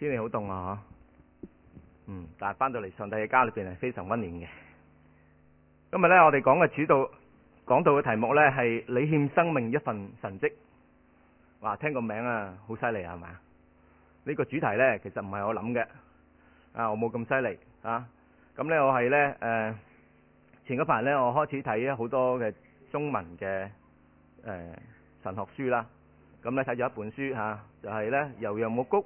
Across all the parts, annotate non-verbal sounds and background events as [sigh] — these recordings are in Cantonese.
天氣好凍啊！嗯、但係翻到嚟上帝嘅家裏邊係非常溫暖嘅。今日呢，我哋講嘅主導講到嘅題目呢，係你欠生命一份神蹟。哇聽個名啊，好犀利啊，係嘛？呢、呢個主題呢，其實唔係我諗嘅，啊，我冇咁犀利啊。咁呢，我係呢。誒、呃、前嗰排呢，我開始睇好多嘅中文嘅、呃、神學書啦。咁呢睇咗一本書嚇、啊，就係、係、呢《由楊牧谷，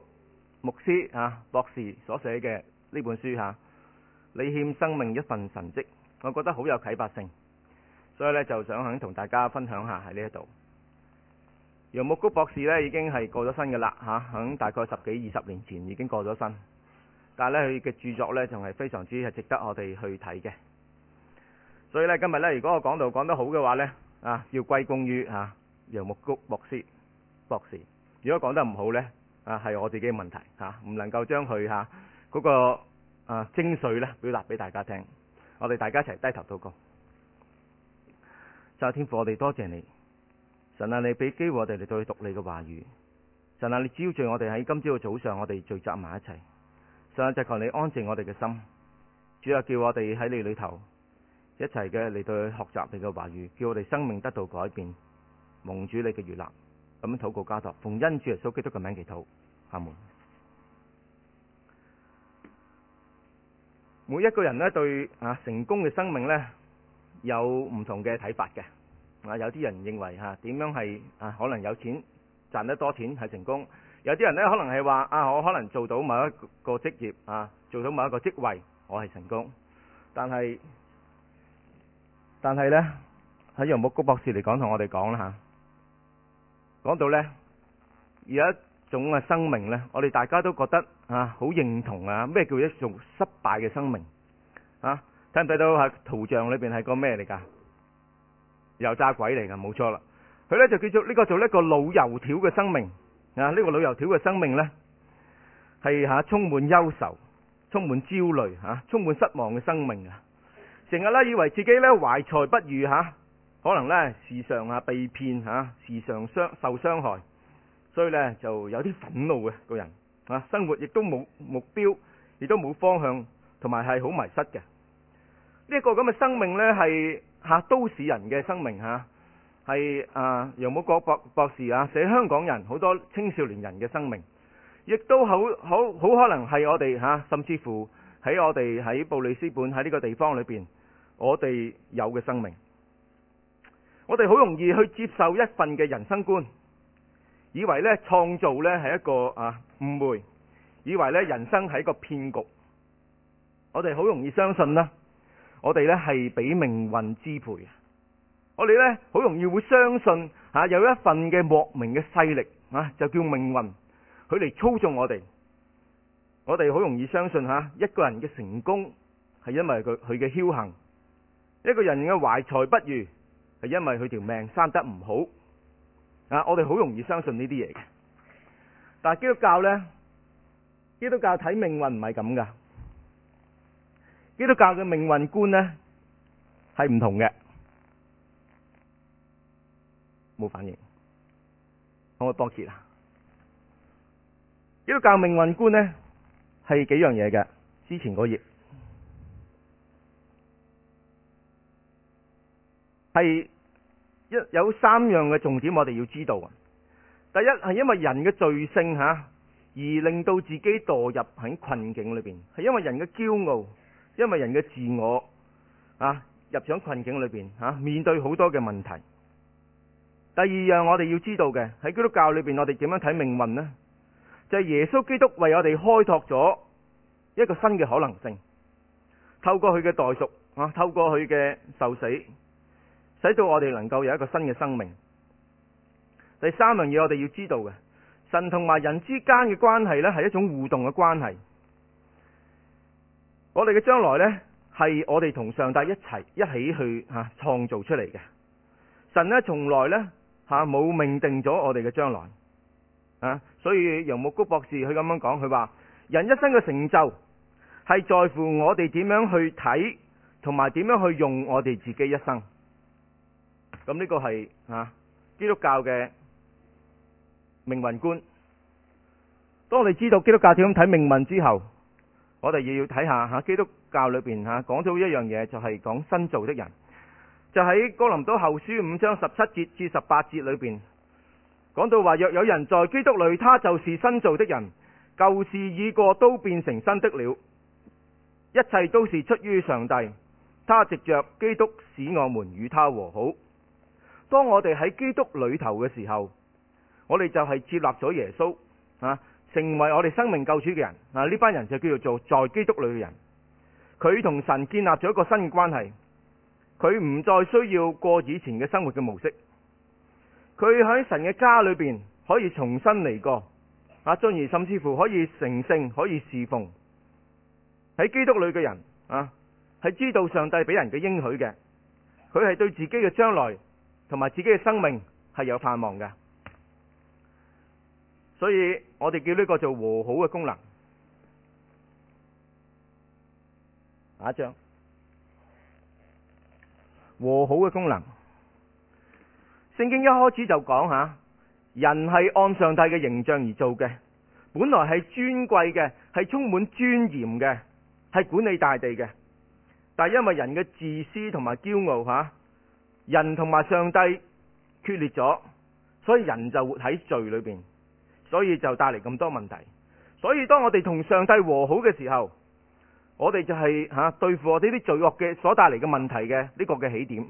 牧師啊，博士所寫嘅呢本書吓，你、啊、欠生命一份神蹟，我覺得好有啟發性，所以呢，就想喺同大家分享一下喺呢一度。楊牧谷博士呢，已經係過咗身噶啦吓，喺、啊、大概十幾二十年前已經過咗身，但係呢，佢嘅著作呢，仲係非常之係值得我哋去睇嘅。所以呢，今日呢，如果我講道講得好嘅話呢，啊，要歸功於吓楊牧谷博士博士。如果講得唔好呢？啊，係我自己嘅問題嚇，唔能夠將佢嗰個啊精髓咧表達俾大家聽。我哋大家一齊低頭禱告。神天父，我哋多謝你，神啊，你俾機會我哋嚟到去讀你嘅話語，神啊，你招聚我哋喺今朝嘅早上，我哋聚集埋一齊，神啊，就求你安靜我哋嘅心，主啊，叫我哋喺你裏頭一齊嘅嚟到去學習你嘅話語，叫我哋生命得到改變，蒙主你嘅悅納。咁樣禱告家託，奉恩主耶穌基督嘅名祈禱，阿門。每一個人呢對啊成功嘅生命呢有唔同嘅睇法嘅，啊有啲人認為啊點樣係啊可能有錢賺得多錢係成功，有啲人呢可能係話啊我可能做到某一個職業啊做到某一個職位我係成功，但係但係呢，喺楊木谷博士嚟講同我哋講啦吓。講到呢，有一種嘅生命呢，我哋大家都覺得很啊，好認同啊，咩叫一種失敗嘅生命？睇唔睇到喺圖像裏邊係個咩嚟噶？油炸鬼嚟噶，冇錯啦。佢呢就叫做呢、呢個做一個老油條嘅生命啊！呢、呢個老油條嘅生命呢，係吓、啊、充滿憂愁、充滿焦慮、吓、啊、充滿失望嘅生命啊！成日呢，以為自己呢懷才不遇吓。啊可能呢時常啊被騙吓，時常傷受傷害，所以呢就有啲憤怒嘅個人啊，生活亦都冇目標，亦都冇方向，同埋係好迷失嘅。呢、這、一個咁嘅生命呢，係吓、啊、都市人嘅生命吓，係啊楊武國博博士啊寫香港人好多青少年人嘅生命，亦都好好好可能係我哋吓、啊，甚至乎喺我哋喺布里斯本喺呢個地方裏邊，我哋有嘅生命。我哋好容易去接受一份嘅人生觀，以為咧創造咧係一個啊誤會，以為咧人生係一個騙局。我哋好容易相信啦，我哋咧係俾命運支配。我哋咧好容易會相信吓有一份嘅莫名嘅勢力啊，就叫命運，佢嚟操縱我哋。我哋好容易相信吓，一個人嘅成功係因為佢佢嘅僥幸，一個人嘅懷才不遇。係因為佢條命生得唔好啊！我哋好容易相信呢啲嘢嘅。但係基督教咧，基督教睇命運唔係咁噶基督教嘅命運觀咧係唔同嘅。冇反應，咁我多講啦。基督教命運觀咧係幾樣嘢嘅。之前嗰頁係。有三樣嘅重點，我哋要知道。第一係因為人嘅罪性吓，而令到自己墮入喺困境裏邊，係因為人嘅驕傲，因為人嘅自我啊，入咗困境裏邊吓，面對好多嘅問題。第二樣我哋要知道嘅喺基督教裏邊，我哋點樣睇命運呢？就係耶穌基督為我哋開拓咗一個新嘅可能性，透過佢嘅代贖，啊，透過佢嘅受死，使到我哋能夠有一個新嘅生命。第三樣嘢，我哋要知道嘅，神同埋人之間嘅關係呢，係一種互動嘅關係。我哋嘅將來呢，係我哋同上帝一齊一起去吓創造出嚟嘅。神呢從來呢，吓冇命定咗我哋嘅將來啊，所以楊牧谷博士佢咁樣講，佢話人一生嘅成就係在乎我哋點樣去睇同埋點樣去用我哋自己一生。咁呢個係吓、啊、基督教嘅命運觀。當我哋知道基督教點樣睇命運之後，我哋要要睇下吓、啊、基督教裏邊吓講到一樣嘢，就係、是、講新造的人。就喺、是、哥林多後書五章十七節至十八節裏邊，講到話若有人在基督裏，他就是新造的人，舊事已過，都變成新的了。一切都是出於上帝，他藉着基督使我們與他和好。當我哋喺基督裏頭嘅時候，我哋就係接納咗耶穌啊，成為我哋生命救主嘅人啊，呢班人就叫做做在基督裏嘅人。佢同神建立咗一個新嘅關係。佢唔再需要過以前嘅生活嘅模式。佢喺神嘅家裏邊可以重新嚟過啊，進而甚至乎可以成聖，可以侍奉喺基督裏嘅人啊，係知道上帝俾人嘅應許嘅。佢係對自己嘅將來同埋自己嘅生命係有盼望嘅，所以我哋叫呢個做和好嘅功能。下一張和好嘅功能，聖經一開始就講下人係按上帝嘅形象而做嘅，本來係尊貴嘅，係充滿尊嚴嘅，係管理大地嘅。但係因為人嘅自私同埋驕傲嚇。人同埋上帝決裂咗，所以人就活喺罪裏邊，所以就帶嚟咁多問題。所以當我哋同上帝和好嘅時候，我哋就係吓對付我哋呢啲罪惡嘅所帶嚟嘅問題嘅呢個嘅起點，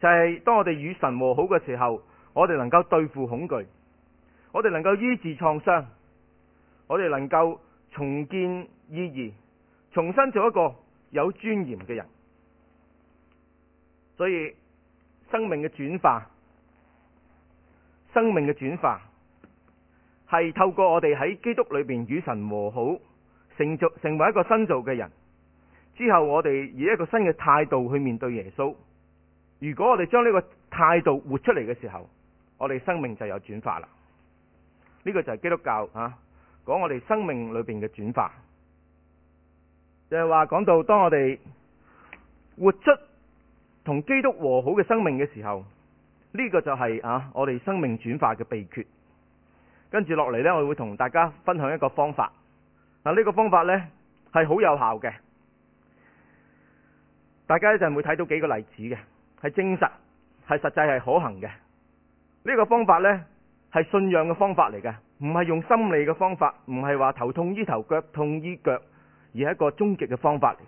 就係、是、當我哋與神和好嘅時候，我哋能夠對付恐懼，我哋能夠醫治創傷，我哋能夠重建意義，重新做一個有尊嚴嘅人。所以。生命嘅轉化，生命嘅轉化係透過我哋喺基督裏邊與神和好，成為成為一個新造嘅人。之後我哋以一個新嘅態度去面對耶穌。如果我哋將呢個態度活出嚟嘅時候，我哋生命就有轉化啦。呢個就係基督教啊，講我哋生命裏邊嘅轉化，就係話講到當我哋活出。同基督和好嘅生命嘅時候，呢個就係啊我哋生命轉化嘅秘訣。跟住落嚟呢，我會同大家分享一個方法。嗱，呢個方法呢，係好有效嘅。大家一陣會睇到幾個例子嘅，係真實，係實際，係可行嘅。呢個方法呢，係信仰嘅方法嚟嘅，唔係用心理嘅方法，唔係話頭痛醫頭，腳痛醫腳，而係一個終極嘅方法嚟。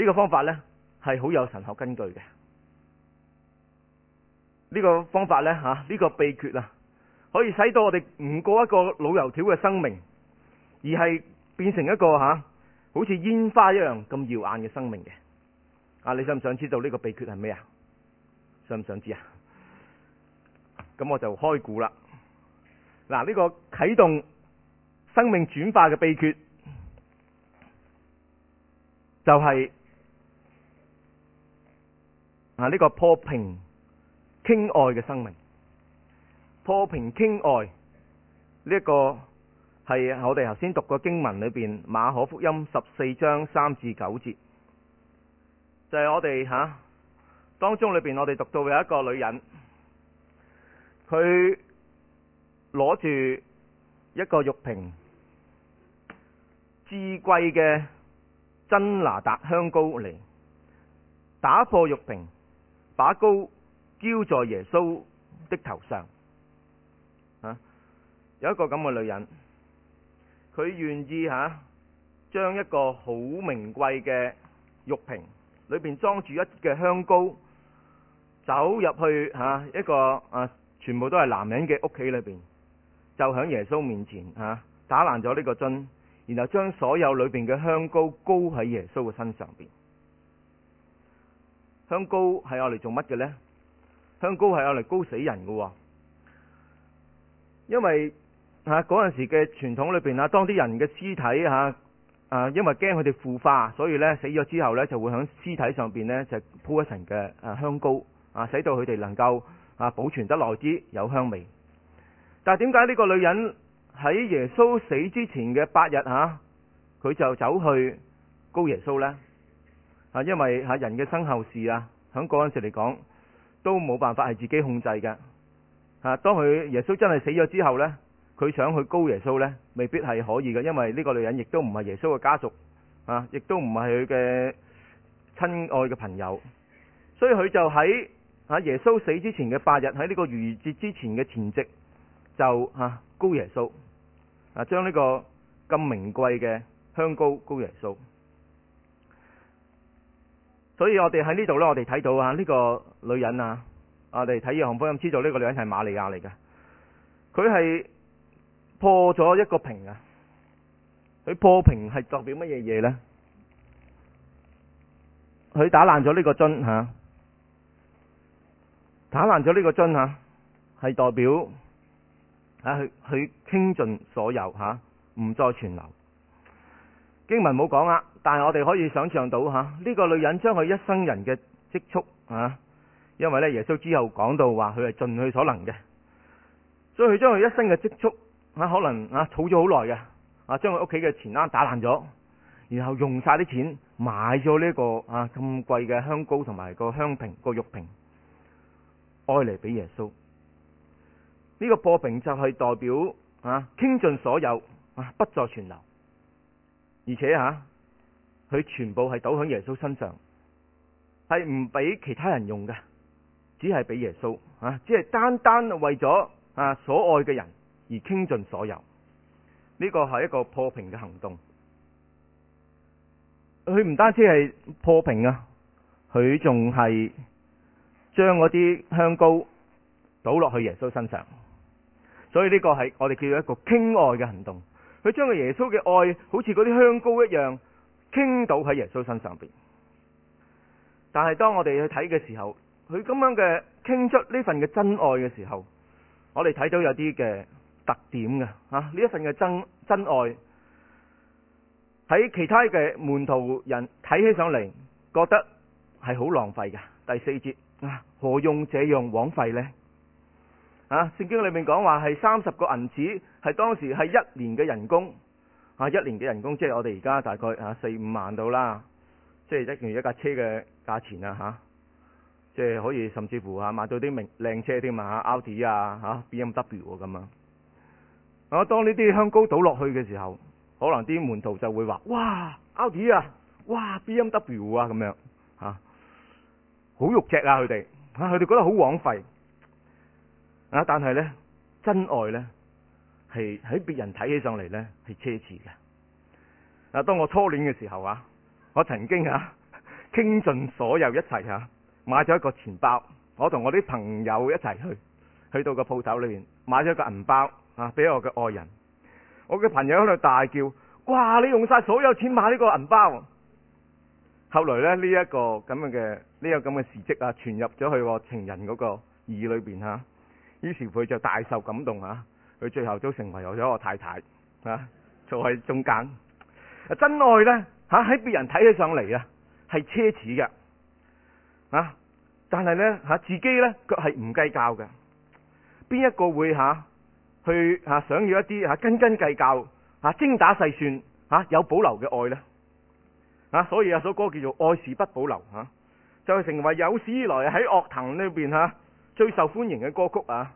呢個方法呢。係好有神學根據嘅呢、這個方法呢，吓、啊、呢、這個秘訣啊，可以使到我哋唔過一個老油條嘅生命，而係變成一個吓、啊、好似煙花一樣咁耀眼嘅生命嘅。啊，你想唔想知道呢個秘訣係咩啊？想唔想知啊？咁我就開估啦。嗱、啊，呢、這個啟動生命轉化嘅秘訣就係、是。啊！呢、這個破瓶傾愛嘅生命，破瓶傾愛呢一、這個係我哋頭先讀過經文裏邊馬可福音十四章三至九節，就係、是、我哋吓、啊、當中裏邊我哋讀到嘅一個女人，佢攞住一個玉瓶，至貴嘅真哪噠香膏嚟，打破玉瓶。把膏澆在耶穌的頭上，有一個咁嘅女人，佢願意吓將一個好名貴嘅玉瓶，裏邊裝住一啲嘅香膏，走入去吓一個啊，全部都係男人嘅屋企裏邊，就喺耶穌面前吓打爛咗呢個樽，然後將所有裏邊嘅香膏膏喺耶穌嘅身上邊。香膏係我嚟做乜嘅呢？香膏係我嚟膏死人嘅，因為吓嗰陣時嘅傳統裏邊啊，當啲人嘅屍體吓，啊，因為驚佢哋腐化，所以呢，死咗之後呢，就會喺屍體上邊呢，就鋪一層嘅啊香膏啊，使到佢哋能夠啊保存得耐啲，有香味。但係點解呢個女人喺耶穌死之前嘅八日吓，佢就走去膏耶穌呢？啊，因為吓人嘅身後事啊，喺嗰陣時嚟講都冇辦法係自己控制嘅。吓，當佢耶穌真係死咗之後呢，佢想去膏耶穌呢，未必係可以嘅，因為呢個女人亦都唔係耶穌嘅家屬啊，亦都唔係佢嘅親愛嘅朋友，所以佢就喺啊耶穌死之前嘅八日，喺呢個逾節之前嘅前夕，就吓膏耶穌啊，將呢個咁名貴嘅香膏膏耶穌。所以我哋喺呢度咧，我哋睇到啊，呢個女人啊，我哋睇《約翰福音》知道呢個女人係瑪利亞嚟嘅。佢係破咗一個瓶啊！佢破瓶係代表乜嘢嘢咧？佢打爛咗呢個樽吓，打爛咗呢個樽吓，係代表啊，佢佢傾盡所有吓，唔再存留。經文冇講啊，但係我哋可以想象到吓，呢個女人將佢一生人嘅積蓄啊，因為呢耶穌之後講到話佢係盡佢所能嘅，所以佢將佢一生嘅積蓄啊，可能啊儲咗好耐嘅啊，將佢屋企嘅錢箱打爛咗，然後用晒啲錢買咗呢個啊咁貴嘅香膏同埋個香瓶個玉瓶，愛嚟俾耶穌。呢個破瓶就係代表啊傾盡所有啊不再存留。而且吓，佢全部係倒響耶穌身上，係唔俾其他人用嘅，只係俾耶穌啊！只係單單為咗啊所愛嘅人而傾盡所有，呢個係一個破瓶嘅行動。佢唔單止係破瓶啊，佢仲係將嗰啲香膏倒落去耶穌身上，所以呢個係我哋叫做一個傾愛嘅行動。佢將個耶穌嘅愛好似嗰啲香膏一樣，傾倒喺耶穌身上邊，但係當我哋去睇嘅時候，佢咁樣嘅傾出呢份嘅真愛嘅時候，我哋睇到有啲嘅特點嘅吓，呢一份嘅真真愛，喺其他嘅門徒人睇起上嚟，覺得係好浪費嘅。第四節啊，何用這樣枉費呢？啊！聖經裏面講話係三十個銀紙係當時係一年嘅人工，啊一年嘅人工即係我哋而家大概啊四五萬到啦，即係一件一架車嘅價錢啊。嚇，即係可以甚至乎嚇買到啲名靚車添啊，Audi 啊嚇，BMW 咁啊。BMW、啊，當呢啲香膏倒落去嘅時候，可能啲門徒就會話：哇，Audi 啊，哇，BMW 啊，咁樣嚇，好肉赤啊佢哋嚇，佢哋覺得好枉費。啊！但係呢，真愛呢，係喺別人睇起上嚟呢，係奢侈嘅。啊！當我初戀嘅時候啊，我曾經啊傾盡所有一齊啊買咗一個錢包。我同我啲朋友一齊去，去到個鋪頭裏面買咗個銀包啊，俾我嘅愛人。我嘅朋友喺度大叫：哇！你用晒所有錢買呢個銀包。後來呢，呢、這、一個咁樣嘅呢、這個咁嘅事蹟啊，傳入咗去我情人嗰個耳裏邊吓、啊。於是佢就大受感動啊！佢最後都成為我咗我太太啊！就喺中間真愛呢，嚇喺別人睇起上嚟啊，係奢侈嘅，但係呢，嚇自己呢，卻係唔計較嘅。邊一個會嚇去嚇想要一啲嚇斤斤計較嚇精打細算嚇有保留嘅愛呢？啊！所以有首歌叫做《愛是不保留》嚇，就成為有史以來喺樂壇裏邊嚇。最受歡迎嘅歌曲啊，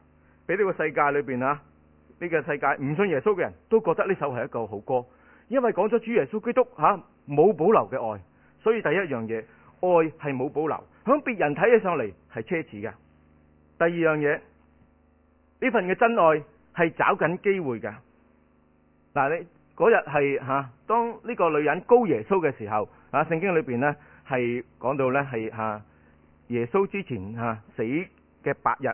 俾呢個世界裏邊啊，呢、這個世界唔信耶穌嘅人都覺得呢首係一個好歌，因為講咗主耶穌基督吓冇、啊、保留嘅愛，所以第一樣嘢愛係冇保留，響別人睇起上嚟係奢侈噶。第二樣嘢呢份嘅真愛係找緊機會噶。嗱，你嗰日係吓當呢個女人膏耶穌嘅時候啊，聖經裏邊呢係講到呢係吓、啊、耶穌之前吓、啊、死。嘅八日，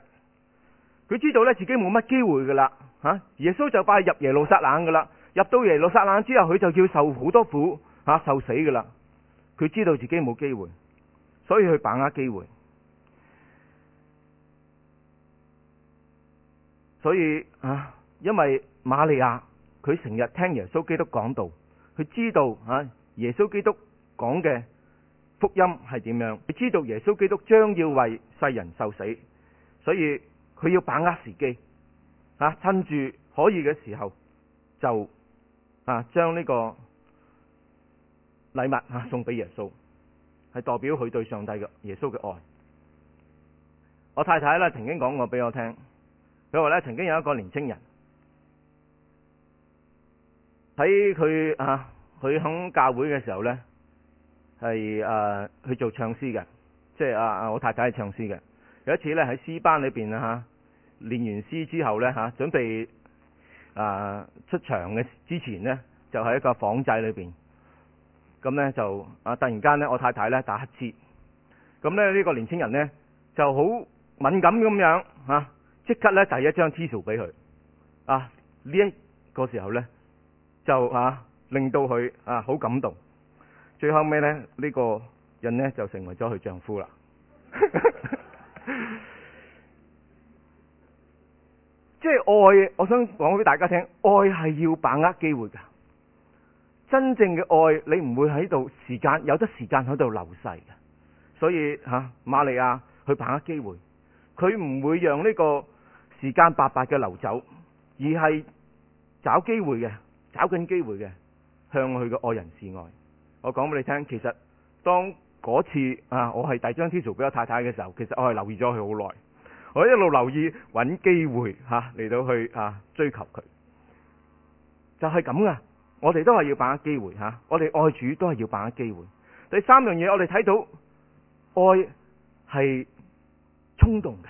佢知道咧自己冇乜機會噶啦吓，耶穌就快入耶路撒冷噶啦，入到耶路撒冷之後，佢就要受好多苦吓、啊，受死噶啦，佢知道自己冇機會，所以去把握機會。所以啊，因為瑪利亞佢成日聽耶穌基督講道，佢知道啊耶穌基督講嘅福音係點樣，佢知道耶穌基督將要為世人受死。所以佢要把握時機，啊，趁住可以嘅時候就啊，將呢個禮物啊送俾耶穌，係代表佢對上帝嘅耶穌嘅愛。我太太咧曾經講過俾我聽，佢話咧曾經有一個年青人喺佢啊，佢響教會嘅時候咧係誒去做唱詩嘅，即係啊啊我太太係唱詩嘅。有一次咧喺詩班裏邊啊吓，練完詩之後咧吓，準備啊出場嘅之前呢，就喺一個房仔裏邊，咁咧就啊突然間咧，我太太咧打乞嗤，咁咧呢個年青人呢就好敏感咁樣啊，即刻咧遞一張 tissue 俾佢啊，呢一個時候呢，就啊令到佢啊好感動，最後尾呢，呢個人呢，就成為咗佢丈夫啦。 [laughs] 即係 [laughs] 愛，我想講俾大家聽，愛係要把握機會噶。真正嘅愛，你唔會喺度時間有得時間喺度流逝㗎。所以吓瑪利亞去把握機會，佢唔會讓呢個時間白白嘅流走，而係找機會嘅，找緊機會嘅，向佢嘅愛人示愛。我講俾你聽，其實當。嗰次啊，我係遞張 T 恤俾我太太嘅時候，其實我係留意咗佢好耐，我一路留意搵機會吓嚟、啊、到去啊追求佢，就係咁噶。我哋都係要把握機會吓、啊，我哋愛主都係要把握機會。第三樣嘢，我哋睇到愛係衝動嘅，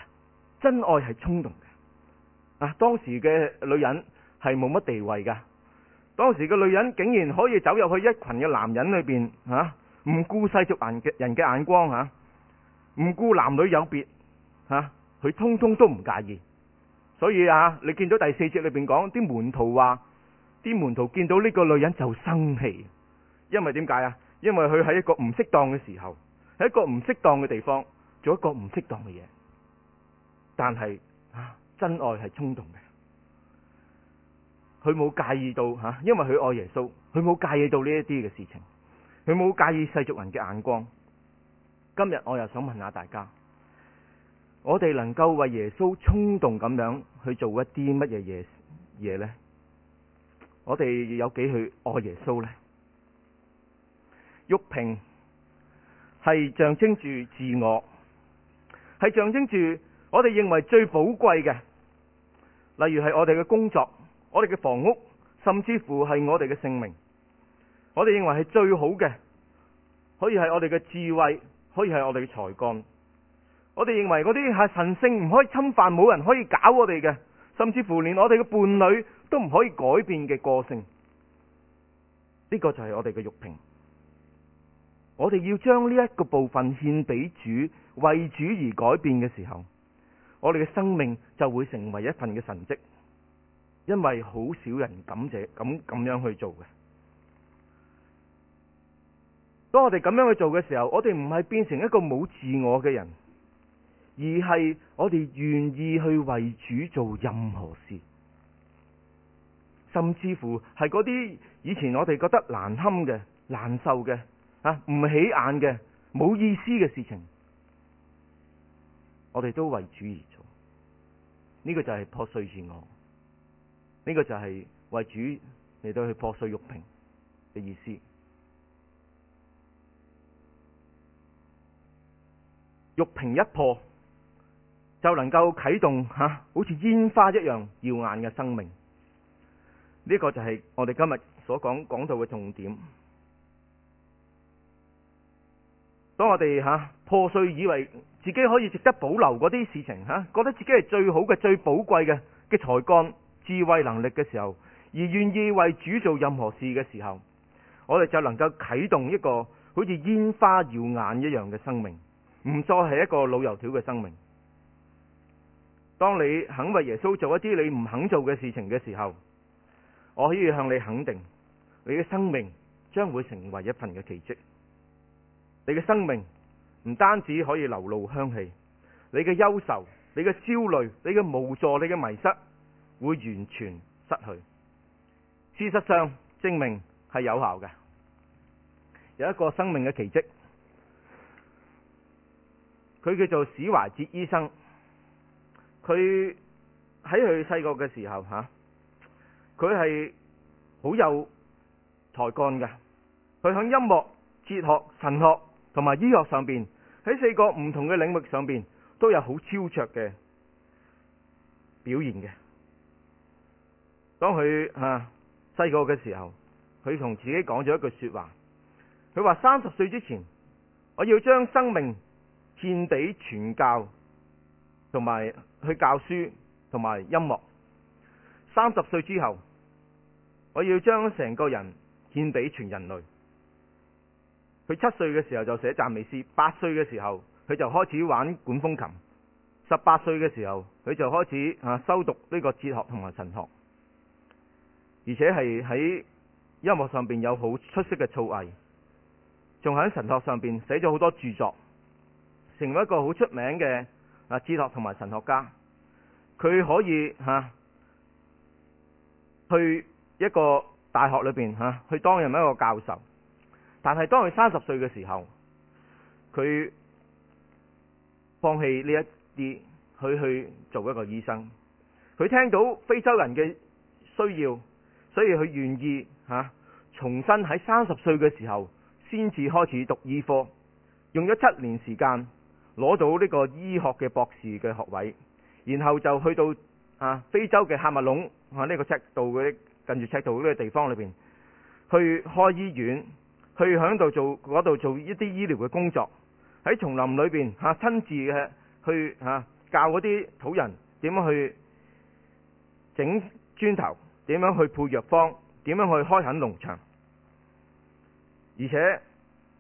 真愛係衝動嘅。啊，當時嘅女人係冇乜地位噶，當時嘅女、女人竟然可以走入去一群嘅男人裏邊吓。啊唔顧世俗人嘅人嘅眼光吓，唔顧男女有別吓，佢、啊、通通都唔介意。所以啊，你見到第四節裏邊講啲門徒話，啲門徒見到呢個女人就生氣，因為點解啊，啊？因為佢喺一個唔適當嘅時候，喺一個唔適當嘅地方做一個唔適當嘅嘢。但係啊，真愛係衝動嘅，佢冇介意到吓，因為佢愛耶穌，佢冇介意到呢一啲嘅事情。佢冇介意世俗人嘅眼光。今日我又想問下大家：我哋能夠為耶穌衝動咁樣去做一啲乜嘢嘢嘢咧？我哋有幾去愛耶穌咧？玉瓶係象徵住自我，係象徵住我哋認為最寶貴嘅，例如係我哋嘅工作、我哋嘅房屋，甚至乎係我哋嘅性命，我哋認為係最好嘅。可以係我哋嘅智慧，可以係我哋嘅才幹。我哋認為嗰啲係神聖，唔可以侵犯，冇人可以搞我哋嘅，甚至乎連我哋嘅伴侶都唔可以改變嘅個性。呢、這個就係我哋嘅玉瓶。我哋要將呢一個部分獻俾主，為主而改變嘅時候，我哋嘅生命就會成為一份嘅神蹟，因為好少人咁者咁咁樣去做嘅。當我哋咁樣去做嘅時候，我哋唔係變成一個冇自我嘅人，而係我哋願意去為主做任何事，甚至乎係嗰啲以前我哋覺得難堪嘅、難受嘅、啊唔起眼嘅、冇意思嘅事情，我哋都為主而做。呢個就係破碎自我，呢個就係為主嚟到去破碎玉瓶嘅意思。玉瓶一破，就能夠啟動吓、啊，好似煙花一樣耀眼嘅生命。呢、這個就係我哋今日所講講到嘅重點。當我哋吓、啊、破碎，以為自己可以值得保留嗰啲事情吓、啊，覺得自己係最好嘅、最寶貴嘅嘅才幹、智慧能力嘅時候，而願意為主做任何事嘅時候，我哋就能夠啟動一個好似煙花耀眼一樣嘅生命。唔再係一個老油條嘅生命。當你肯為耶穌做一啲你唔肯做嘅事情嘅時候，我可以向你肯定，你嘅生命將會成為一份嘅奇蹟。你嘅生命唔單止可以流露香氣，你嘅憂愁、你嘅焦慮、你嘅無助、你嘅迷失，會完全失去。事實上，證明係有效嘅，有一個生命嘅奇蹟。佢叫做史懷哲醫生，佢喺佢細個嘅時候吓，佢係好有才幹嘅，佢響音樂、哲學、神學同埋醫學上邊，喺四個唔同嘅領域上邊都有好超卓嘅表現嘅。當佢吓細個嘅時候，佢同自己講咗一句說話，佢話三十歲之前，我要將生命。獻畀傳教，同埋去教書，同埋音樂。三十歲之後，我要將成個人獻畀全人類。佢七歲嘅時候就寫讚美詩，八歲嘅時候佢就開始玩管風琴，十八歲嘅時候佢就開始啊修讀呢個哲學同埋神學，而且係喺音樂上邊有好出色嘅造詣，仲喺神學上邊寫咗好多著作。成為一個好出名嘅、啊哲學同埋神學家，佢可以吓、啊、去一個大學裏邊吓、啊、去當任何一個教授，但係當佢三十歲嘅時候，佢放棄呢一啲，佢去做一個醫生。佢聽到非洲人嘅需要，所以佢願意吓、啊、重新喺三十歲嘅時候先至開始讀醫科，用咗七年時間。攞到呢個醫學嘅博士嘅學位，然後就去到啊非洲嘅喀麥隆啊，呢個赤道嗰近住赤道嗰啲地方裏邊，去開醫院，去響度做嗰度做一啲醫療嘅工作，喺叢林裏邊嚇親自嘅去嚇教嗰啲土人點樣去整磚頭，點樣去配藥方，點樣去開墾農場，而且。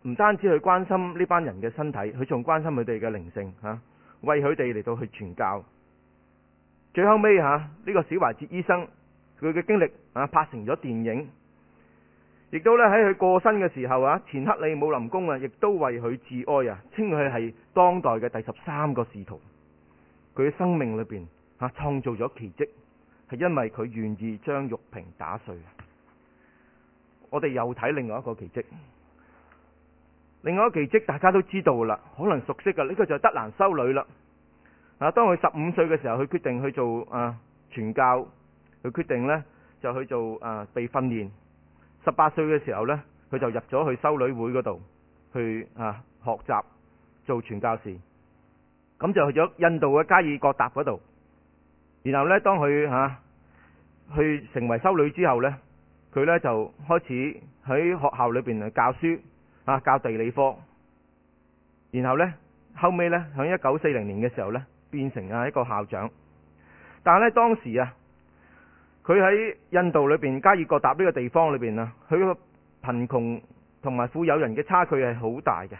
唔單止去關心呢班人嘅身體，佢仲關心佢哋嘅靈性吓，為佢哋嚟到去傳教。最後尾，吓、這、呢個小懷哲醫生，佢嘅經歷啊拍成咗電影，亦都呢喺佢過身嘅時候啊，前克里姆林宮啊，亦都為佢致哀啊，稱佢係當代嘅第十三個使徒。佢生命裏邊創創造咗奇蹟，係因為佢願意將玉瓶打碎。我哋又睇另外一個奇蹟。另外一個奇蹟，大家都知道啦，可能熟悉嘅呢個就係德蘭修女啦。啊，當佢十五歲嘅時候，佢決定去做啊傳教，佢決定呢就去做啊被訓練。十八歲嘅時候呢，佢就入咗去修女會嗰度去啊學習做傳教士，咁就去咗印度嘅加爾各答嗰度。然後呢，當佢吓去成為修女之後呢，佢呢就開始喺學校裏邊嚟教書。啊，教地理科，然後呢，後尾呢，喺一九四零年嘅時候呢，變成啊一個校長。但係呢，當時啊，佢喺印度裏邊加爾各答呢個地方裏邊啊，佢個貧窮同埋富有人嘅差距係好大嘅。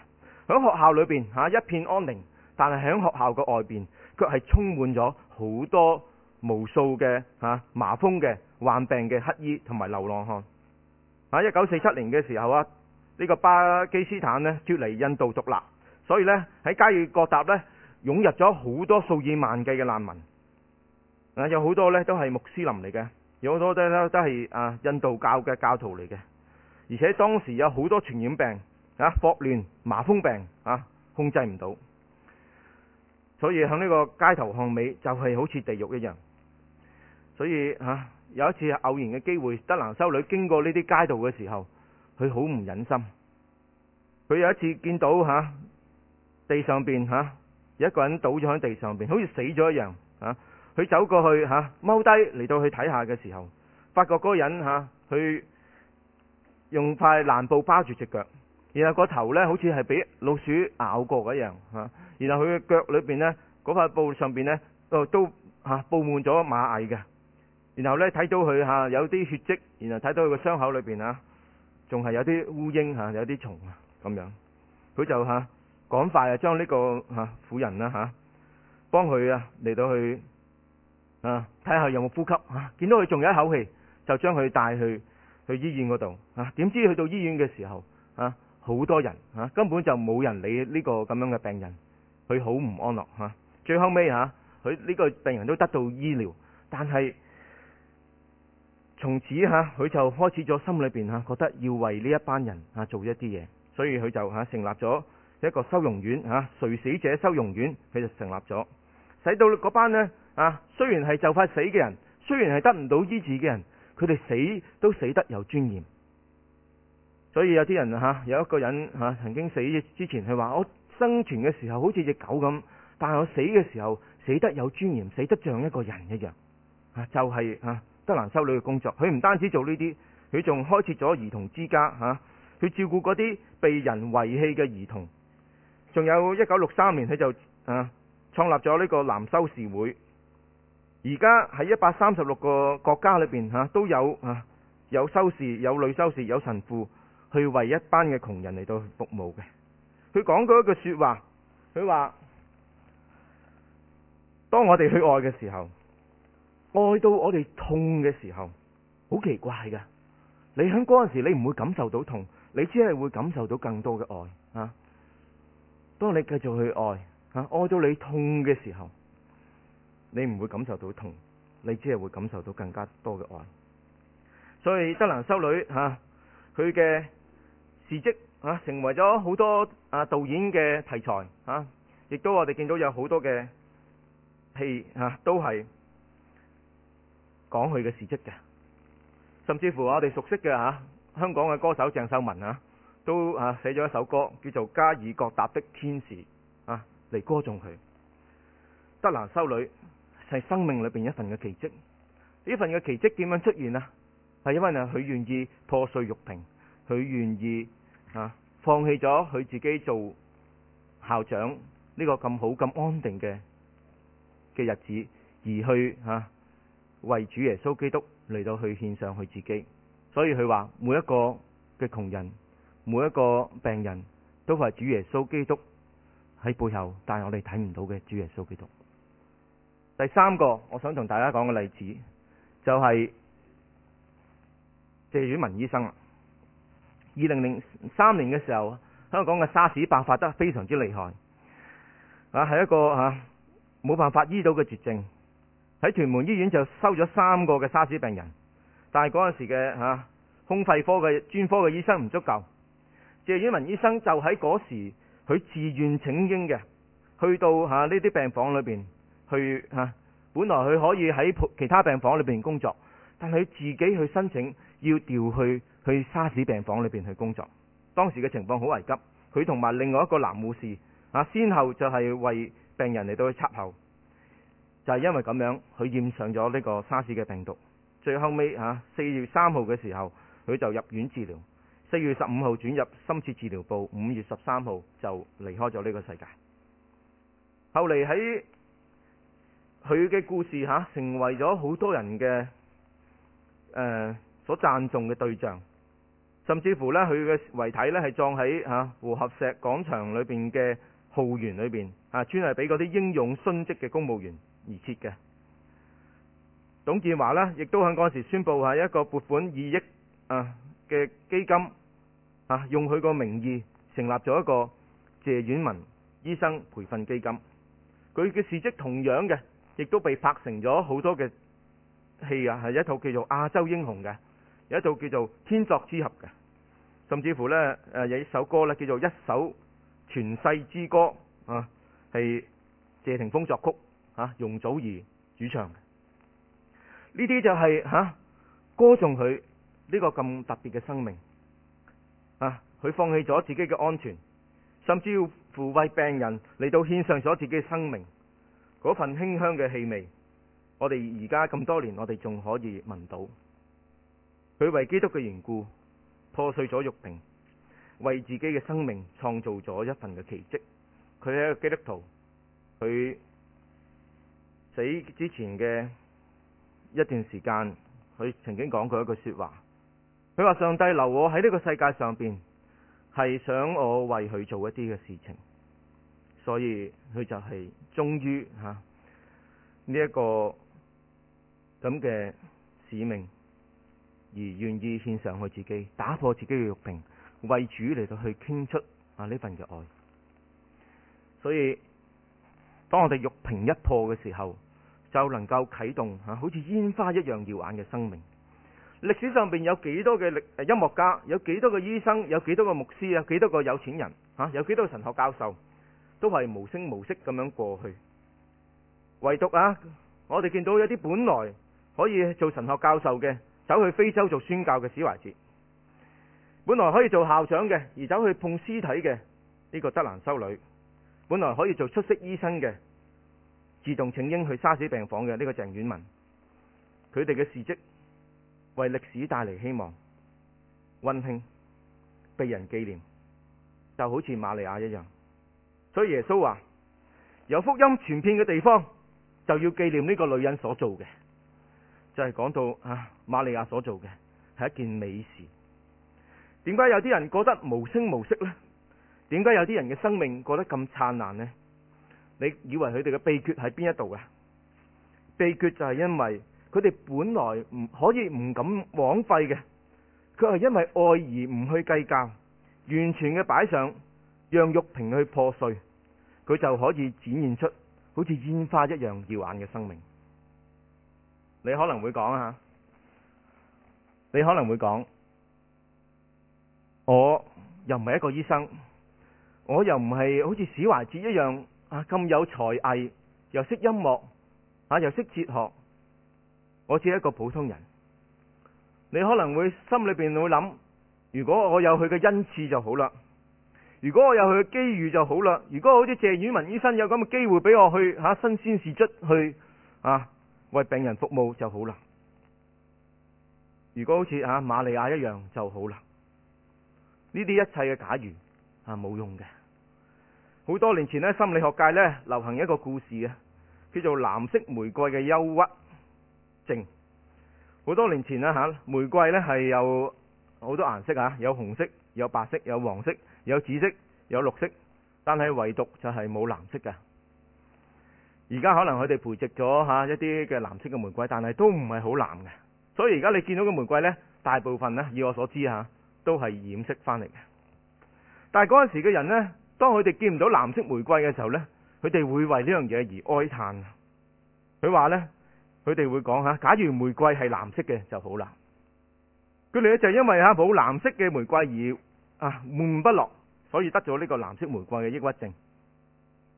喺學校裏邊吓一片安寧，但係喺學校個外邊，卻係充滿咗好多無數嘅吓麻風嘅患病嘅乞兒同埋流浪漢。啊，一九四七年嘅時候啊。呢個巴基斯坦呢，脫離印度獨立，所以呢喺加爾各答呢，湧入咗好多數以萬計嘅難民，啊、有好多呢都係穆斯林嚟嘅，有好多都都係啊印度教嘅教徒嚟嘅，而且當時有好多傳染病啊霍亂、麻風病啊控制唔到，所以喺呢個街頭巷尾就係好似地獄一樣。所以、啊、有一次偶然嘅機會，德蘭修女經過呢啲街道嘅時候。佢好唔忍心。佢有一次見到嚇、啊、地上面，嚇、啊、有一個人倒咗喺地上面，好似死咗一樣嚇。佢、啊、走過去嚇踎低嚟到去睇下嘅時候，發覺嗰個人嚇佢、啊、用塊爛布包住隻腳，然後個頭呢，好似係俾老鼠咬過一樣嚇、啊。然後佢嘅腳裏面呢，嗰塊布上面呢，都嚇、啊、布滿咗馬蟻螞蟻嘅。然後呢，睇到佢嚇、啊、有啲血跡，然後睇到佢個傷口裏面。嚇、啊。仲係有啲烏蠅嚇有啲蟲啊咁樣，佢就嚇趕快啊將呢個嚇婦人啦嚇，幫佢啊嚟到去啊睇下有冇呼吸嚇，見到佢仲有一口氣，就將佢帶去去醫院嗰度啊。點知去到醫院嘅時候啊，好多人嚇根本就冇人理呢個咁樣嘅病人，佢好唔安樂嚇。最後尾，嚇佢呢個病人都得到醫療，但係。從此哈，佢就開始咗心裏邊哈，覺得要為呢一班人哈做一啲嘢，所以佢就哈成立咗一個收容院哈，垂死者收容院，佢就成立咗，使到嗰班呢，啊，雖然係就快死嘅人，雖然係得唔到醫治嘅人，佢哋死都死得有尊嚴。所以有啲人哈，有一個人哈，曾經死之前佢話：說我生存嘅時候好似隻狗咁，但係我死嘅時候死得有尊嚴，死得像一個人一樣啊，就係啊。德蘭修女嘅工作，佢唔單止做呢啲，佢仲開設咗兒童之家，吓、啊、去照顧嗰啲被人遺棄嘅兒童。仲有一九六三年他，佢就啊創立咗呢個男修士會。而家喺一百三十六個國家裏邊，吓、啊、都有啊有修士、有女修士、有神父去為一班嘅窮人嚟到服務嘅。佢講過一句說話，佢話：當我哋去愛嘅時候。愛到我哋痛嘅時候，好奇怪噶！你喺嗰陣時你唔會感受到痛，你只係會感受到更多嘅愛啊！當你繼續去愛，愛、啊、愛到你痛嘅時候，你唔會感受到痛，你只係會感受到更加多嘅愛。所以德蘭修女吓佢嘅事跡成為咗好多啊導演嘅題材啊！亦都我哋見到有好多嘅戲、啊、都係。講佢嘅事迹嘅，甚至乎我哋熟悉嘅吓、啊、香港嘅歌手鄭秀文啊，都啊寫咗一首歌叫做《加爾各答的天使》啊嚟歌頌佢。德蘭修女係、就是、生命裏邊一份嘅奇蹟，呢份嘅奇蹟點樣出現啊？係因為佢願意破碎玉瓶，佢願意啊放棄咗佢自己做校長呢、這個咁好咁安定嘅嘅日子，而去啊。為主耶穌基督嚟到去獻上佢自己，所以佢話每一個嘅窮人、每一個病人，都係主耶穌基督喺背後，但係我哋睇唔到嘅主耶穌基督。第三個我想同大家講嘅例子，就係謝婉文醫生。二零零三年嘅時候，香港嘅沙士爆發得非常之厲害，啊，係一個吓冇辦法醫到嘅絕症。喺屯門醫院就收咗三個嘅沙士病人，但係嗰陣時嘅吓胸肺科嘅專科嘅醫生唔足夠，謝婉雯醫生就喺嗰時佢自願請纓嘅，去到吓呢啲病房裏邊去吓、啊，本來佢可以喺其他病房裏邊工作，但係佢自己去申請要調去去沙士病房裏邊去工作，當時嘅情況好危急，佢同埋另外一個男護士啊先後就係為病人嚟到去插喉。就係因為咁樣，佢染上咗呢個沙士嘅病毒。最後尾嚇四月三號嘅時候，佢就入院治療。四月十五號轉入深切治療部，五月十三號就離開咗呢個世界。後嚟喺佢嘅故事嚇、啊，成為咗好多人嘅誒、呃、所讚頌嘅對象，甚至乎呢，佢嘅遺體呢係葬喺嚇、啊、和合石廣場裏邊嘅浩園裏邊嚇，專係俾嗰啲英勇殉職嘅公務員，而設嘅，董建華呢，亦都喺嗰時宣布係一個撥款二億啊嘅基金啊，用佢個名義成立咗一個謝婉雯醫生培訓基金。佢嘅事蹟同樣嘅，亦都被拍成咗好多嘅戲啊，係一套叫做《亞洲英雄》嘅，有一套叫做《天作之合》嘅，甚至乎呢誒有一首歌呢，叫做《一首傳世之歌》啊，係謝霆鋒作曲。啊、容祖兒主唱呢啲就係、是、吓、啊、歌頌佢呢個咁特別嘅生命。佢、啊、放棄咗自己嘅安全，甚至要扶慰病人嚟到獻上咗自己嘅生命嗰份馨香嘅氣味。我哋而家咁多年，我哋仲可以聞到佢為基督嘅緣故破碎咗玉瓶，為自己嘅生命創造咗一份嘅奇蹟。佢係一個基督徒，佢。死之前嘅一段時間，佢曾經講過一句說話，佢話上帝留我喺呢個世界上邊，係想我為佢做一啲嘅事情，所以佢就係忠於吓呢一個咁嘅使命，而願意獻上佢自己，打破自己嘅玉瓶，為主嚟到去傾出啊呢份嘅愛。所以當我哋玉瓶一破嘅時候，就能夠啟動好似煙花一樣耀眼嘅生命。歷史上邊有幾多嘅音樂家，有幾多個醫生，有幾多個牧師，有幾多個有錢人，吓有幾多個神學教授，都係無聲無息咁樣過去。唯獨啊，我哋見到有啲本來可以做神學教授嘅，走去非洲做宣教嘅史懷哲；本來可以做校長嘅，而走去碰屍體嘅呢個德蘭修女；本來可以做出色醫生嘅。自動請纓去殺死病房嘅呢個鄭遠文，佢哋嘅事蹟為歷史帶嚟希望、溫馨，被人紀念，就好似瑪利亞一樣。所以耶穌話：有福音傳遍嘅地方，就要紀念呢個女人所做嘅，就係、是、講到啊瑪利亞所做嘅係一件美事。點解有啲人覺得無聲無息呢？點解有啲人嘅生命過得咁燦爛呢？你以為佢哋嘅秘訣喺邊一度嘅？秘訣就係因為佢哋本來唔可以唔敢枉費嘅，佢係因為愛而唔去計較，完全嘅擺上，讓玉瓶去破碎，佢就可以展現出好似煙花一樣耀眼嘅生命。你可能會講啊，你可能會講，我又唔係一個醫生，我又唔係好似史懷哲一樣。咁有才藝，又識音樂，啊，又識哲學，我只係一個普通人。你可能會心裏邊會諗：如果我有佢嘅恩賜就好啦；如果我有佢嘅機遇就好啦；如果好似謝宇文醫生有咁嘅機會俾我去吓新鮮事出去啊，為病人服務就好啦。如果好似啊瑪利亞一樣就好啦。呢啲一切嘅假如啊，冇用嘅。好多年前呢，心理學界呢流行一個故事啊，叫做藍色玫瑰嘅憂鬱症。好多年前啦吓，玫瑰呢係有好多顏色吓，有紅色、有白色、有黃色、有紫色、有綠色，但係唯獨就係冇藍色嘅。而家可能佢哋培植咗吓一啲嘅藍色嘅玫瑰，但係都唔係好藍嘅。所以而家你見到嘅玫瑰呢，大部分呢，以我所知吓，都係染色翻嚟嘅。但係嗰陣時嘅人呢。當佢哋見唔到藍色玫瑰嘅時候呢，佢哋會為呢樣嘢而哀嘆。佢話呢，佢哋會講吓，假如玫瑰係藍色嘅就好啦。佢哋咧就因為吓冇藍色嘅玫瑰而啊悶悶不樂，所以得咗呢個藍色玫瑰嘅抑鬱症。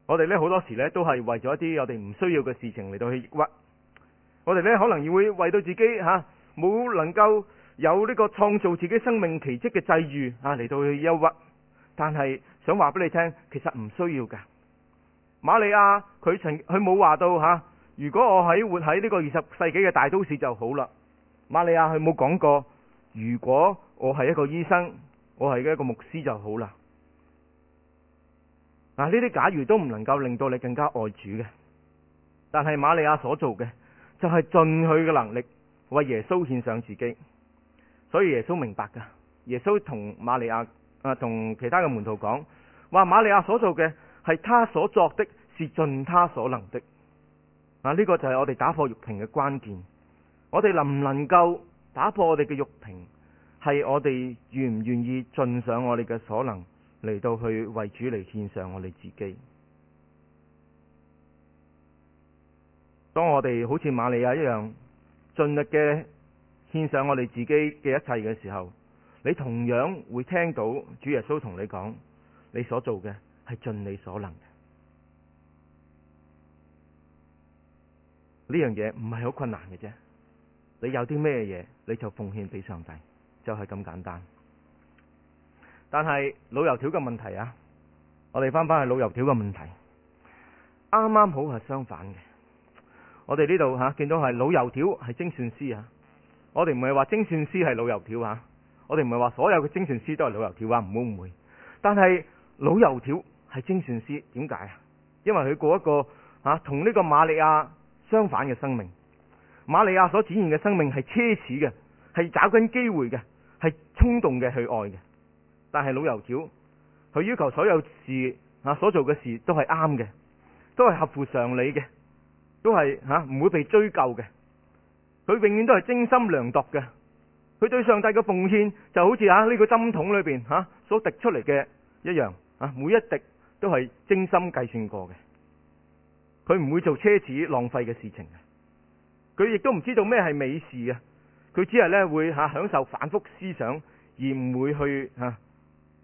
我哋呢好多時呢都係為咗一啲我哋唔需要嘅事情嚟到去抑鬱。我哋呢可能會為到自己吓冇、啊、能夠有呢個創造自己生命奇跡嘅際遇啊嚟到去憂鬱，但係。想話俾你聽，其實唔需要嘅。瑪利亞佢曾佢冇話到吓，如果我喺活喺呢個二十世紀嘅大都市就好啦。瑪利亞佢冇講過，如果我係一個醫生，我係一個牧師就好啦。嗱，呢啲假如都唔能夠令到你更加愛主嘅。但係瑪利亞所做嘅，就係盡佢嘅能力為耶穌獻上自己。所以耶穌明白噶，耶穌同瑪利亞。啊，同其他嘅門徒講，話瑪利亞所做嘅係他所作的，是盡他所能的。啊，呢、這個就係我哋打破玉瓶嘅關鍵。我哋能唔能夠打破我哋嘅玉瓶，係我哋願唔願意盡上我哋嘅所能，嚟到去為主嚟獻上我哋自己。當我哋好似瑪利亞一樣，盡力嘅獻上我哋自己嘅一切嘅時候。你同樣會聽到主耶穌同你講：你所做嘅係盡你所能嘅。呢樣嘢唔係好困難嘅啫。你有啲咩嘢你就奉獻俾上帝，就係咁簡單。但係老油條嘅問題啊，我哋翻翻係老油條嘅問題，啱啱好係相反嘅。我哋呢度嚇見到係老油條係精算師啊，我哋唔係話精算師係老油條啊。我哋唔係話所有嘅精算師都係老油條啊，唔好誤會。但係老油條係精算師，點解啊？因為佢過一個啊，同呢個瑪利亞相反嘅生命。瑪利亞所展現嘅生命係奢侈嘅，係找緊機會嘅，係衝動嘅去愛嘅。但係老油條，佢要求所有事啊所做嘅事都係啱嘅，都係合乎常理嘅，都係吓唔會被追究嘅。佢永遠都係精心良度嘅。佢對上帝嘅奉獻就好似啊呢個針筒裏邊吓所滴出嚟嘅一樣啊，每一滴都係精心計算過嘅。佢唔會做奢侈浪費嘅事情。佢亦都唔知道咩係美事啊。佢只係呢會吓享受反覆思想，而唔會去吓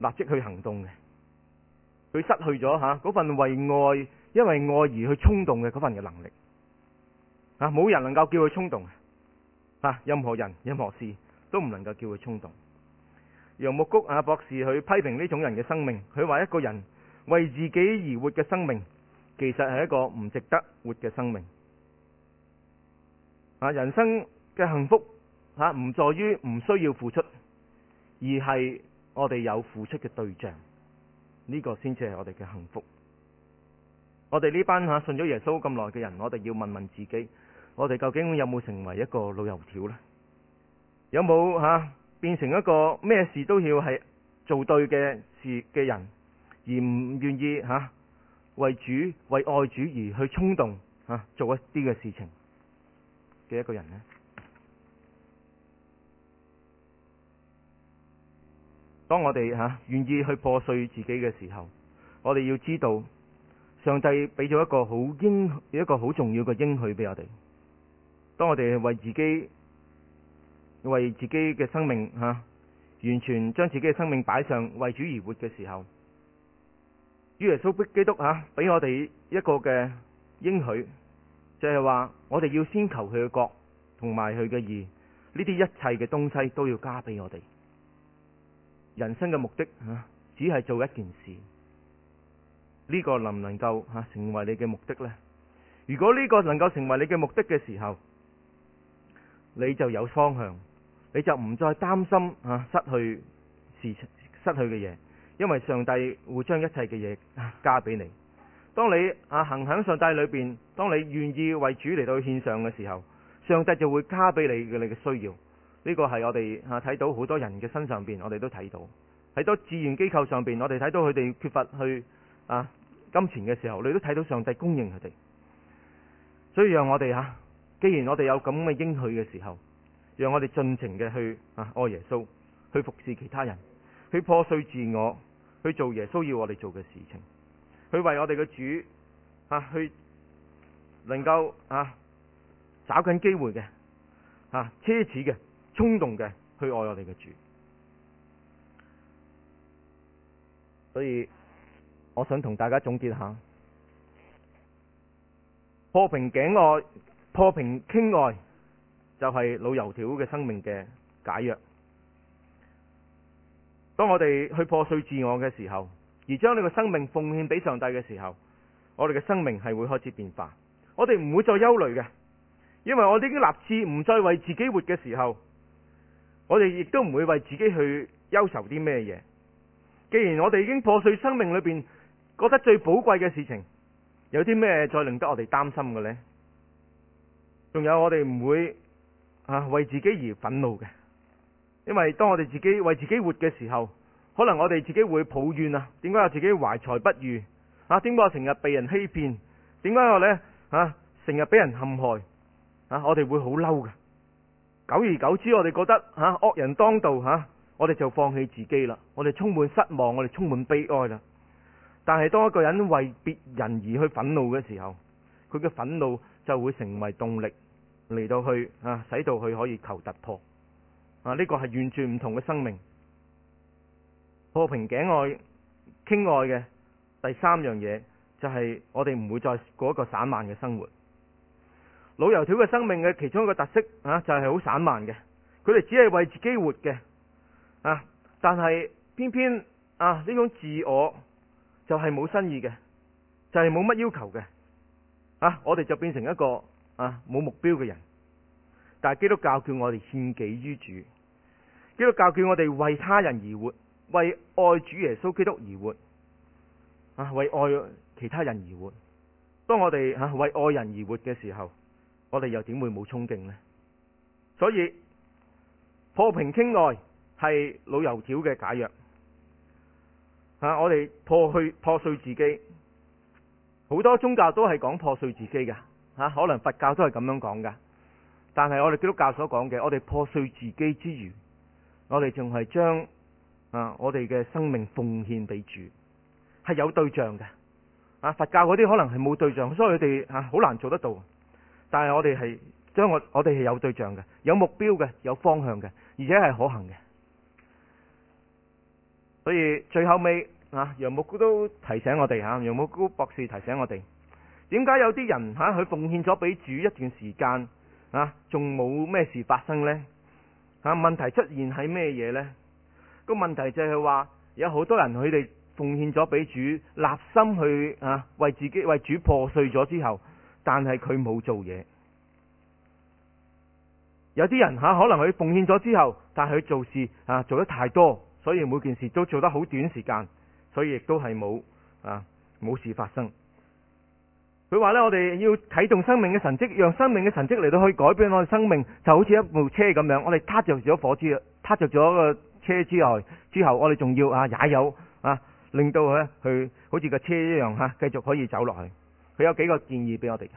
立即去行動嘅。佢失去咗吓嗰份為愛因為愛而去衝動嘅嗰份嘅能力啊！冇人能夠叫佢衝動啊！任何人任何事。都唔能夠叫佢衝動。楊牧谷阿博士去批評呢種人嘅生命，佢話一個人為自己而活嘅生命，其實係一個唔值得活嘅生命。啊，人生嘅幸福吓唔在於唔需要付出，而係我哋有付出嘅對象，呢個先至係我哋嘅幸福。我哋呢班吓信咗耶穌咁耐嘅人，我哋要問問自己，我哋究竟有冇成為一個老油條呢？有冇吓、啊、變成一個咩事都要係做對嘅事嘅人，而唔願意吓、啊、為主為愛主而去衝動、啊、做一啲嘅事情嘅一個人呢？當我哋吓願意去破碎自己嘅時候，我哋要知道上帝俾咗一個好應，一個好重要嘅應許俾我哋。當我哋為自己為自己嘅生命吓，完全將自己嘅生命擺上為主而活嘅時候，主耶穌基督吓俾我哋一個嘅應許，就係話我哋要先求佢嘅國同埋佢嘅義，呢啲一切嘅東西都要加俾我哋。人生嘅目的吓，只係做一件事，呢個能唔能夠吓成為你嘅目的呢？如果呢個能夠成為你嘅目的嘅時候，你就有方向。你就唔再擔心失去事失去嘅嘢，因為上帝會將一切嘅嘢加俾你。當你啊行響上帝裏邊，當你願意為主嚟到獻上嘅時候，上帝就會加俾你嘅你嘅需要。呢個係我哋吓睇到好多人嘅身上邊，我哋都睇到喺多自然機構上邊，我哋睇到佢哋缺乏去啊金錢嘅時候，你都睇到上帝供應佢哋。所以讓我哋吓，既然我哋有咁嘅應許嘅時候。讓我哋盡情嘅去啊愛耶穌，去服侍其他人，去破碎自我，去做耶穌要我哋做嘅事情，去為我哋嘅主啊去能夠啊找緊機會嘅啊奢侈嘅衝動嘅去愛我哋嘅主。所以我想同大家總結下：破瓶頸愛，破瓶傾愛。就係老油條嘅生命嘅解藥。當我哋去破碎自我嘅時候，而將你個生命奉獻俾上帝嘅時候，我哋嘅生命係會開始變化。我哋唔會再憂慮嘅，因為我哋已經立志唔再為自己活嘅時候，我哋亦都唔會為自己去憂愁啲咩嘢。既然我哋已經破碎生命裏邊覺得最寶貴嘅事情，有啲咩再令得我哋擔心嘅呢？仲有我哋唔會。啊，為自己而憤怒嘅，因為當我哋自己為自己活嘅時候，可能我哋自己會抱怨為什麼啊，點解我自己懷才不遇啊？點解我成日被人欺騙？點解我呢？啊，成日俾人陷害啊？我哋會好嬲嘅。久而久之，我哋覺得吓惡人當道，啊吓、啊，我哋就放棄自己啦。我哋充滿失望，我哋充滿悲哀啦。但係當一個人為別人而去憤怒嘅時候，佢嘅憤怒就會成為動力。嚟到去啊，使到佢可以求突破啊！呢、這個係完全唔同嘅生命，破瓶頸外，傾愛嘅第三樣嘢，就係、是、我哋唔會再過一個散漫嘅生活。老油條嘅生命嘅其中一個特色啊，就係、是、好散漫嘅，佢哋只係為自己活嘅啊！但係偏偏啊，呢種自我就係、是、冇新意嘅，就係冇乜要求嘅啊！我哋就變成一個。啊！冇目標嘅人，但係基督教叫我哋獻己於主，基督教叫我哋為他人而活，為愛主耶穌基督而活，啊，為愛其他人而活。當我哋吓、啊、為愛人而活嘅時候，我哋又點會冇衝勁呢？所以破瓶傾愛係老油條嘅解藥，啊。我哋破去破碎自己，好多宗教都係講破碎自己㗎。吓、啊，可能佛教都係咁樣講噶但係我哋基督教所講嘅，我哋破碎自己之餘，我哋仲係將啊我哋嘅生命奉獻俾主，係有對象嘅。啊，佛教嗰啲可能係冇對象，所以佢哋啊好難做得到。但係我哋係將我我哋係有對象嘅，有目標嘅，有方向嘅，而且係可行嘅。所以最後尾啊楊木姑都提醒我哋吓，楊木姑博士提醒我哋。點解有啲人吓佢奉獻咗俾主一段時間啊，仲冇咩事發生呢？啊，問題出現喺咩嘢呢？個問題就係話有好多人佢哋奉獻咗俾主，立心去啊為自己為主破碎咗之後，但係佢冇做嘢。有啲人吓可能佢奉獻咗之後，但係佢做事啊做得太多，所以每件事都做得好短時間，所以亦都係冇啊冇事發生。佢話咧，我哋要啟動生命嘅神蹟，讓生命嘅神蹟嚟到去改變我哋生命，就好似一部車咁樣，我哋踏着住咗火車啦，踏着住咗個車之外，之後我哋仲要啊，也有啊，令到佢去好似個車一樣吓，繼續可以走落去。佢有幾個建議俾我哋㗎，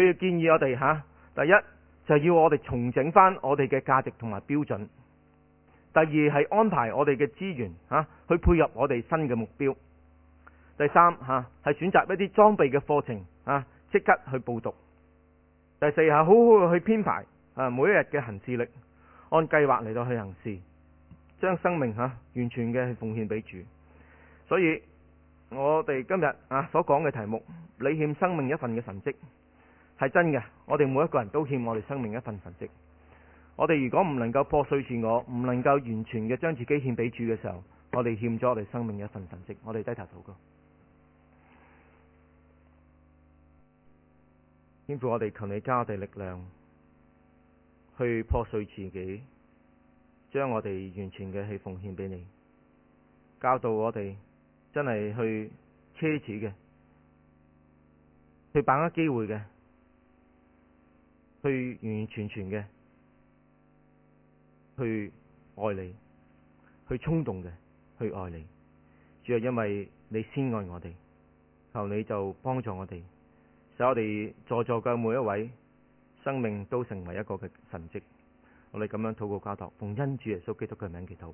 佢要建議我哋吓，第一就要我哋重整翻我哋嘅價值同埋標準，第二係安排我哋嘅資源吓，去配合我哋新嘅目標。第三嚇係、啊、選擇一啲裝備嘅課程啊，即刻去報讀。第四係、啊、好好去編排啊，每一日嘅行事曆按計劃嚟到去行事，將生命、啊、完全嘅奉獻俾主。所以我哋今日啊所講嘅題目「你欠生命一份嘅神蹟」係真嘅。我哋每一個人都欠我哋生命一份神蹟。我哋如果唔能夠破碎自我，唔能夠完全嘅將自己獻俾主嘅時候，我哋欠咗我哋生命嘅一份神蹟。我哋低頭禱.應付我哋，求你加我哋力量，去破碎自己，將我哋完全嘅去奉獻俾你，教導我哋真係去奢侈嘅，去把握機會嘅，去完完全全嘅去愛你，去衝動嘅去愛你，主要因為你先愛我哋，求你就幫助我哋。使我哋在座嘅每一位生命都成為一個嘅神蹟。我哋咁樣禱告交託，奉恩主耶穌基督嘅名祈禱。